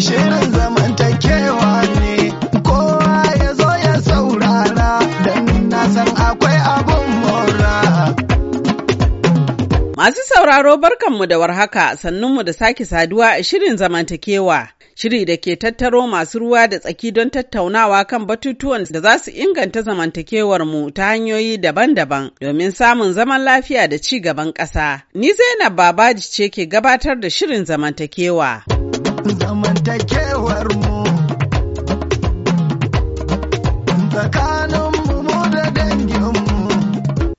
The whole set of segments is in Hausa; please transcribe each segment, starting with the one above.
Shirin zamantakewa ne ya ya saurara don Masu sauraro barkanmu da warhaka sannunmu da sake saduwa a shirin zamantakewa. Shiri da ke tattaro masu ruwa da tsaki don tattaunawa kan batutuwan da za su inganta zamantakewar mu ta hanyoyi daban-daban domin samun zaman lafiya da ci gaban ƙasa. Ni Zainab Babaji ce ke gabatar da shirin zamantakewa. zamantakewar mu tsakanin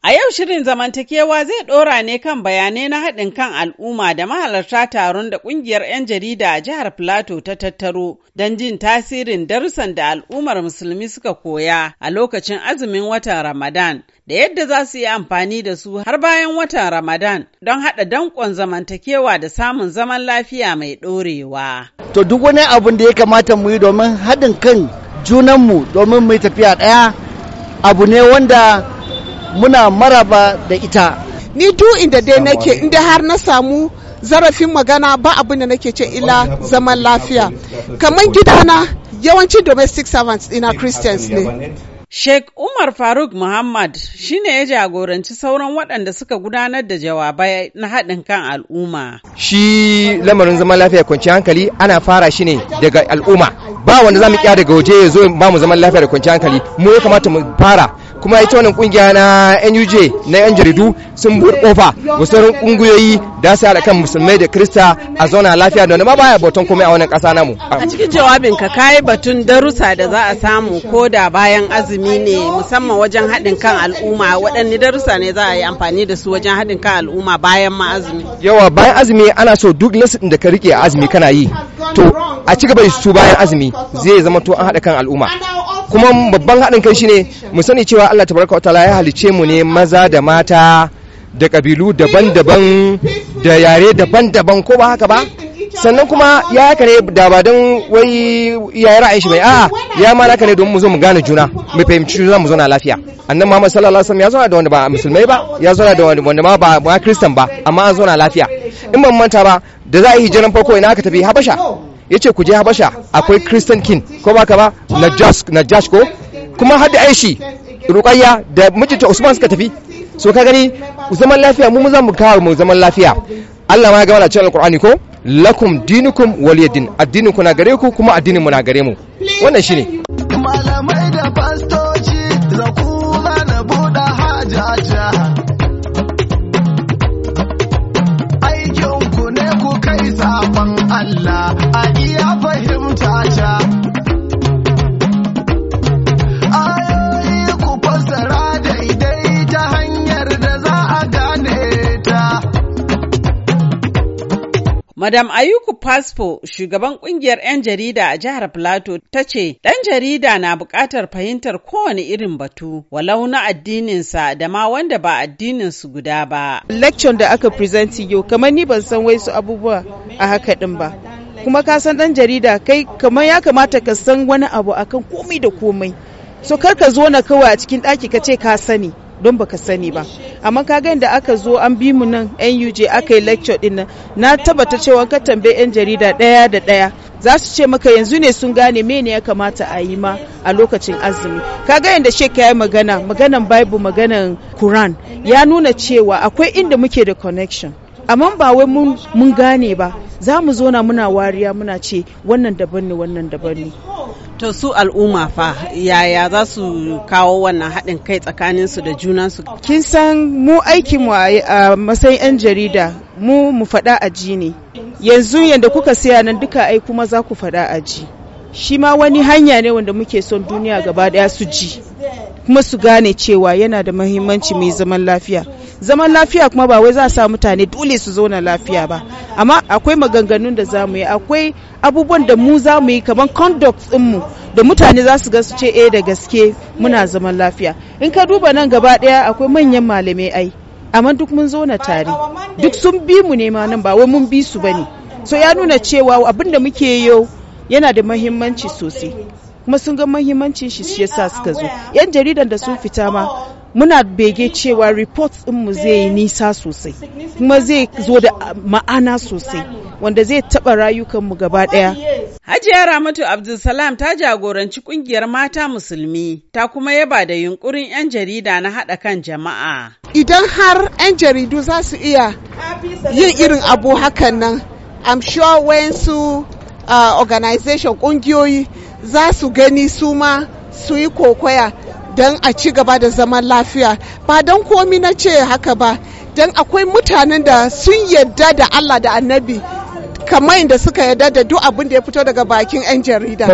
A yau shirin zamantakewa zai ɗora ne kan bayanai na haɗin kan al'umma da mahalarta taron da ƙungiyar 'yan jarida a jihar Filato ta tattaro don jin tasirin darussan da al'ummar musulmi suka koya a lokacin azumin watan Ramadan da yadda za su yi amfani da su har bayan watan Ramadan don haɗa danƙon zamantakewa da samun zaman lafiya mai ɗorewa. To duk wani abin da ya kamata mu yi domin haɗin kan junanmu domin mu yi tafiya ɗaya abu ne wanda muna maraba da ita ni duk inda dai nake inda har na samu zarafin magana ba abin da nake ce ila zaman lafiya kamar gidana yawancin domestic servants ina christians ne Sheikh Umar Faruk Muhammad shi ne ya jagoranci sauran waɗanda suka gudanar da jawabai na haɗin kan al'umma. Shi lamarin zaman lafiya kwanciyar hankali ana fara shi ne daga al'umma. Ba wanda za mu kya daga waje ya zo ba mu zaman lafiya da kwanciyar hankali. Mu ya kamata mu fara kuma ita wannan kungiya na NUJ na yan jaridu sun buɗe kofa wasu sauran kungiyoyi da su haɗa kan musulmai da krista a zauna lafiya da ma baya batun komai a wannan ƙasa namu. A cikin jawabin ka kayi batun darussa da za a samu ko da bayan azumi ne musamman wajen haɗin kan al'umma waɗanne darussa ne za a yi amfani da su wajen haɗin kan al'umma bayan ma azumi. Yawa bayan azumi ana so duk lasin da ka rike azumi kana yi to a ci gaba da su bayan azumi zai zama to an haɗa kan al'umma kuma babban haɗin kai shine mu sani cewa Allah tabaraka wata ya halice mu ne maza da mata da ƙabilu daban-daban da yare daban-daban ko ba haka ba sannan kuma ya haka ne da ba don wai ya yi ra'ayin shi mai a'a ya ma haka ne don mu zo mu gane juna mu fahimci juna mu zauna lafiya annan Muhammad sallallahu alaihi wasallam ya zauna da wanda ba musulmai ba ya zauna da wanda ma ba ba kristan ba amma an zauna lafiya in ban manta ba da za a yi hijiran farko ina aka tafi habasha ya ce ku je habasha akwai christian king ko ba ka ba ko kuma hada aishi rukayya da mijinta usman suka tafi so ka gani zaman lafiya mu za mu kawo mu zaman lafiya allah ma ya gama cewa alkur'ani ko lakum dinukum waliyadin addinin ku na gare ku kuma addinin mu na gare mu wannan shine malamai da fastoci da kula na hajaja aikin ku ne ku allah Madam Ayuku Paspo, shugaban kungiyar 'yan jarida a jihar Plateau, ta ce, ɗan jarida na buƙatar fahimtar kowane irin batu, walau na addininsa da ma wanda ba addininsu guda ba. Lecture da aka present yau, kamar ni ban san wai su abubuwa a haka ɗin ba. Kuma ka san ɗan jarida kai kamar ya kamata ka san wani abu akan komai da komai. So kar ka zo na kawai a cikin ɗaki ka ce ka sani. don baka sani ba amma ka ga da aka zo an bi mu nan NUJ aka yi lecture din nan na tabbata cewa ka tambaye yan jarida daya da daya za su ce maka yanzu ne sun gane mene ya kamata a yi ma a lokacin azumi kaga yadda shek ya yi magana maganan bible maganan quran ya nuna cewa akwai inda muke da connection amma ba wai mun gane ba za mu zo na muna wariya muna ce wannan daban ne wannan daban ne To su al'umma fa yaya za su kawo wannan haɗin kai tsakanin su da junansu? Kin san mu aikinmu a matsayin 'yan jarida mu mu faɗa ji ne. Yanzu yadda kuka siya nan duka ai kuma za ku faɗa a ji Shi ma wani hanya ne wanda muke son duniya gaba ɗaya su ji kuma su gane cewa yana da muhimmanci mai zaman lafiya. zaman lafiya kuma ba wai za a sa mutane dole su zauna lafiya ba amma akwai maganganun da za mu yi akwai abubuwan da mu za mu yi kamar conduct mu da mutane za su ga su ce eh da gaske muna zaman lafiya in ka duba nan gaba daya akwai manyan malamai ai amma duk mun zauna tare duk sun bi mu ne ma nan ba wai mun bi su bane so ya nuna cewa abin da muke yau yana da mahimmanci sosai kuma sun ga mahimmancin shi shi yasa suka zo yan jaridan da sun fita ma muna bege cewa report mu zai yi nisa sosai kuma zai zo da ma'ana sosai wanda zai taɓa rayukanmu gaba ɗaya. Hajiya Ramatu Abdulsalam ta jagoranci ƙungiyar mata musulmi ta kuma yaba da yunkurin 'yan jarida na haɗa kan jama'a. Idan har 'yan jaridu za su iya yin irin abu hakan nan, I'm sure wayansu uh, organization kungiyoyi za su gani su ma su yi kokoya don a ci gaba da zaman lafiya ba don komi na ce haka ba don akwai mutanen da sun yarda da allah da annabi kamar da suka yarda da duk abin da ya fito daga bakin 'yan jarida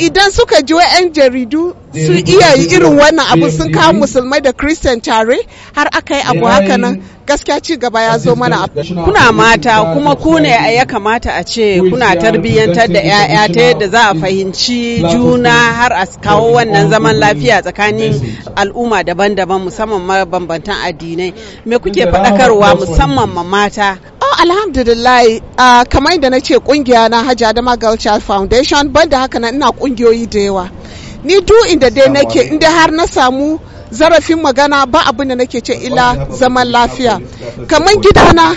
idan suka ji wa 'yan jaridu su iya yi irin wannan abu sun kawo musulmai da christian tare har aka yi abu haka nan gaskiya ci gaba ya zo mana kuna mata kuma ku ne ya kamata a ce kuna tarbiyyantar da 'ya'ya ta yadda za a fahimci juna har a kawo wannan zaman lafiya tsakanin al'umma daban-daban musamman mabambantan addinai me kuke faɗakarwa musamman ma mata alhamdulillah uh, kamar da na ce kungiya na hajji adama girl child foundation banda haka na ina kungiyoyi da yawa ni du inda dai nake inda har na samu zarafin magana ba abin da nake ce ila zaman lafiya kamar gidana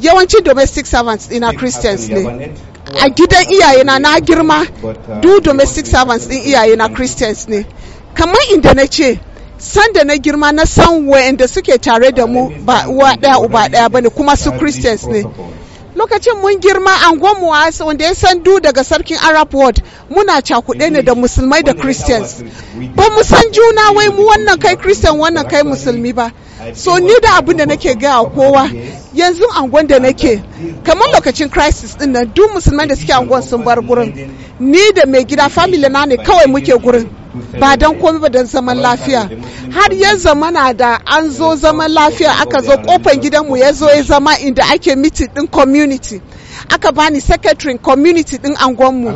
yawancin domestic servants ina christians ne a gidan iyayena na girma uh, du domestic servants din iyayena christians ne kamar inda na ce sanda na girma na san wa'anda suke tare da mu ba uwa ɗaya uba ɗaya ba kuma su christians ne lokacin mun girma angonmu wanda ya du daga sarkin arab world muna cakuɗe ne da musulmai da christians ba mu san juna wai mu wannan kai christian wannan kai musulmi ba so ni da abin da nake gaya kowa yanzu angon da nake kamar lokacin crisis din nan duk musulmai da suke angon sun bar gurin ni da mai gida family na ne kawai muke gurin ba don komai ba don zaman lafiya har ya zamana da an zo zaman lafiya aka zo kofan gidanmu ya zo ya zama inda ake miti din community aka bani secretary community din angonmu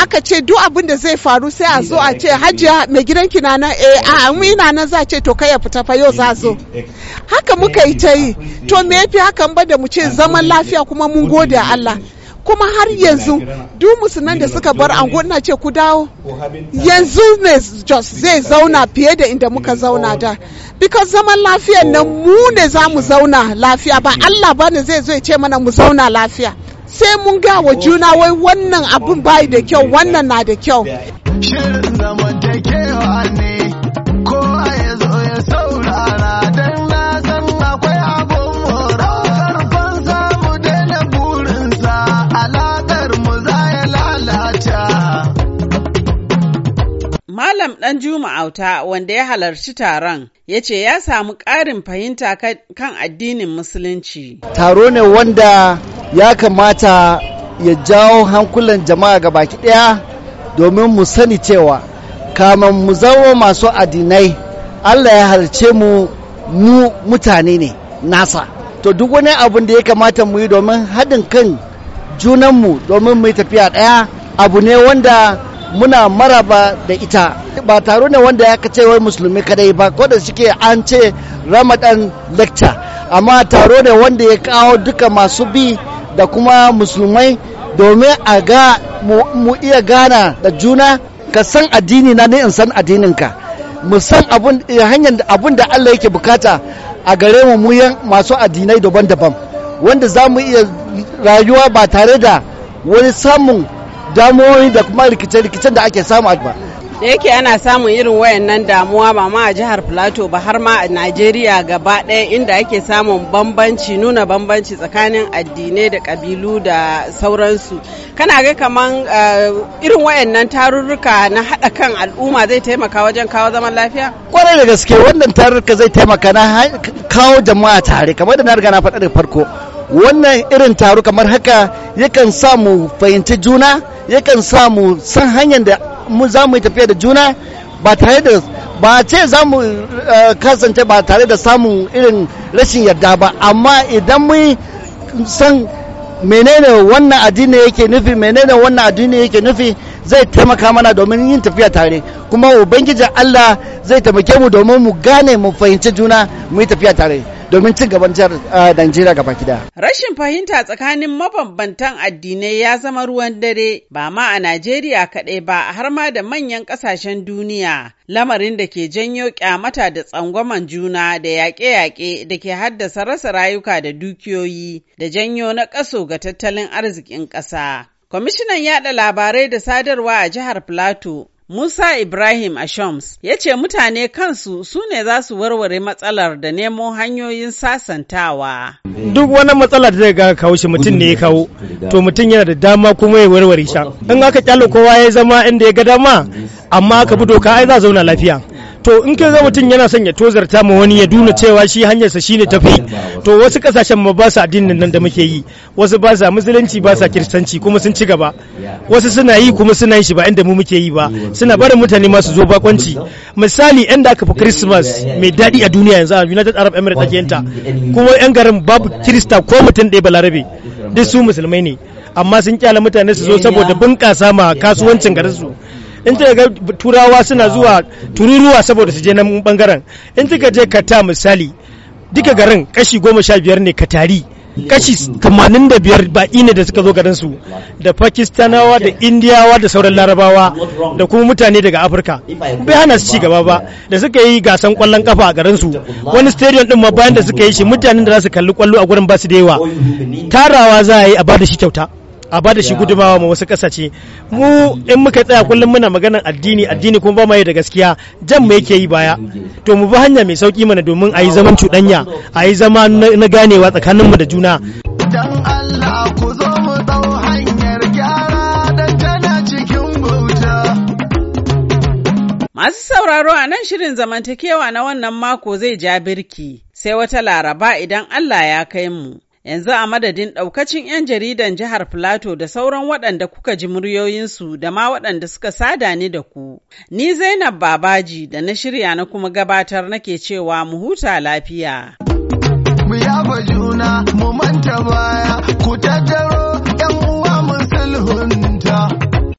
aka ce duk abin da zai faru sai a zo a ce hajiya mai gidan na nan a mu na nan za ce to kai ya fita fa yau za zo haka muka yi ta yi to me yafi hakan ba da mu ce zaman lafiya kuma mun gode Allah kuma har yanzu duk musulman da suka bar ango na ce ku dawo yanzu ne jos zai zauna fiye da inda muka zauna da bikin zaman lafiyan nan mu ne za mu zauna lafiya ba allah ba ne zai zo ya ce mana mu zauna lafiya sai mun ga wa juna wai wannan abun bai da kyau wannan na da kyau Ɗanjuma juma'auta wanda ya halarci taron ya ce ya samu ƙarin fahimta kan addinin Musulunci. Taro ne wanda ya kamata ya jawo hankulan jama'a ga baki ɗaya domin mu sani cewa kamar mu zama masu addinai Allah ya halarce mu mu mutane ne nasa. To duk wani abin da ya kamata mu yi domin haɗin kan junanmu domin mu yi tafiya ɗaya abu ne wanda muna maraba da ita ba taro ne wanda ya kace wai musulmi kadai ba ko da suke an ce ramadan lecture amma taro ne wanda ya kawo duka masu bi da kuma musulmai domin a ga mu iya gana da juna ka san addini na ne in san addininka mu san eh, hanyar abun da Allah yake bukata a gare mu muyan masu addinai daban-daban wanda za mu iya rayuwa ba tare da wani samun damuwoyi da kuma rikice-rikicen da ake samu ba. da yake ana samun irin wayannan damuwa ba ma a jihar plateau ba har ma a najeriya gaba ɗaya inda ake samun bambanci nuna bambanci tsakanin addinai da ƙabilu da sauransu kana ga kaman eh, irin wayannan tarurruka na haɗa kan al'umma zai taimaka wajen kawo zaman lafiya kwarai da gaske wannan tarurruka zai taimaka na kawo jama'a tare kamar da na riga na faɗa da farko wannan irin taro kamar haka yakan sa mu fahimci juna yakan sa mu san hanyar da mu za mu tafiya da juna ba tare da ba ce za mu eh, kasance ba tare da samun irin rashin yarda ba amma idan mu san menene wannan addini yake nufi menene wannan addini yake nufi zai taimaka mana domin yin tafiya tare kuma ubangijin allah zai taimake mu domin mu gane mu fahimci juna mu yi tafiya tare domin ci gaban jihar ah, Najeriya gaba gida. Rashin fahimta tsakanin mabambantan addinai ya zama ruwan dare ba ma a Najeriya kaɗai ba har ma da manyan ƙasashen duniya. Lamarin da ke janyo ƙyamata da tsangwaman juna da yaƙe-yaƙe da ke haddasa rasa rayuka da dukiyoyi da janyo na ƙaso ga tattalin arzikin ƙasa. Kwamishinan yaɗa labarai da sadarwa a jihar Plateau Musa Ibrahim shams ya ce mutane kansu su ne za su warware matsalar da nemo hanyoyin sasantawa. Duk wani matsala da zai ga kawo shi mutum ne ya kawo, to mutum yana da dama kuma ya warware sha. In aka kyalo kowa ya zama inda ya ga dama, amma aka bi doka ai za zauna lafiya. to in ka ga mutum yana son ya tozarta ma wani ya duna cewa shi hanyarsa shi ne tafi to wasu kasashen ma ba sa addinin nan da muke yi wasu ba sa musulunci ba sa kiristanci kuma sun ci gaba wasu suna yi kuma suna yin shi ba inda mu muke yi ba suna barin mutane ma su zo bakwanci misali yan aka fi christmas mai daɗi a duniya yanzu a united arab emirates ake yanta kuma yan garin babu kirista ko mutum ɗaya balarabe duk su musulmai ne amma sun kyala mutane su zo saboda bunƙasa ma kasuwancin garinsu in ta ga turawa suna zuwa tururuwa saboda su je nan bangaren in ta je kata misali duka garin kashi goma sha biyar ne katari kashi 85 baƙi ne da suka zo garin su da pakistanawa da indiyawa da sauran larabawa da kuma mutane daga afirka bai hana su ci gaba ba da suka yi gasan kwallon kafa a garin su wani stadium din ma bayan da suka yi shi mutanen da za su kalli kwallo a gurin ba su da yawa tarawa za a yi a ba da shi kyauta a ba da shi gudumawa ma wasu kasashe mu in muka tsaya kullum muna maganar addini addini kuma ba mu yi da gaskiya jan mu yake yi baya to mu bi hanya mai sauki mana domin a yi zaman cuɗanya a yi zama na ganewa tsakanin mu da juna Masu sauraro a nan shirin zamantakewa na wannan mako zai ja birki sai wata laraba idan Allah ya kai mu. Yanzu a madadin ɗaukacin 'yan jaridan jihar Filato da sauran waɗanda kuka ji muryoyinsu da ma waɗanda suka sada ni da ku. Ni Zainab Babaji da na shirya na kuma gabatar nake cewa mu huta lafiya. Mu yaba juna, mu manta ku tattaro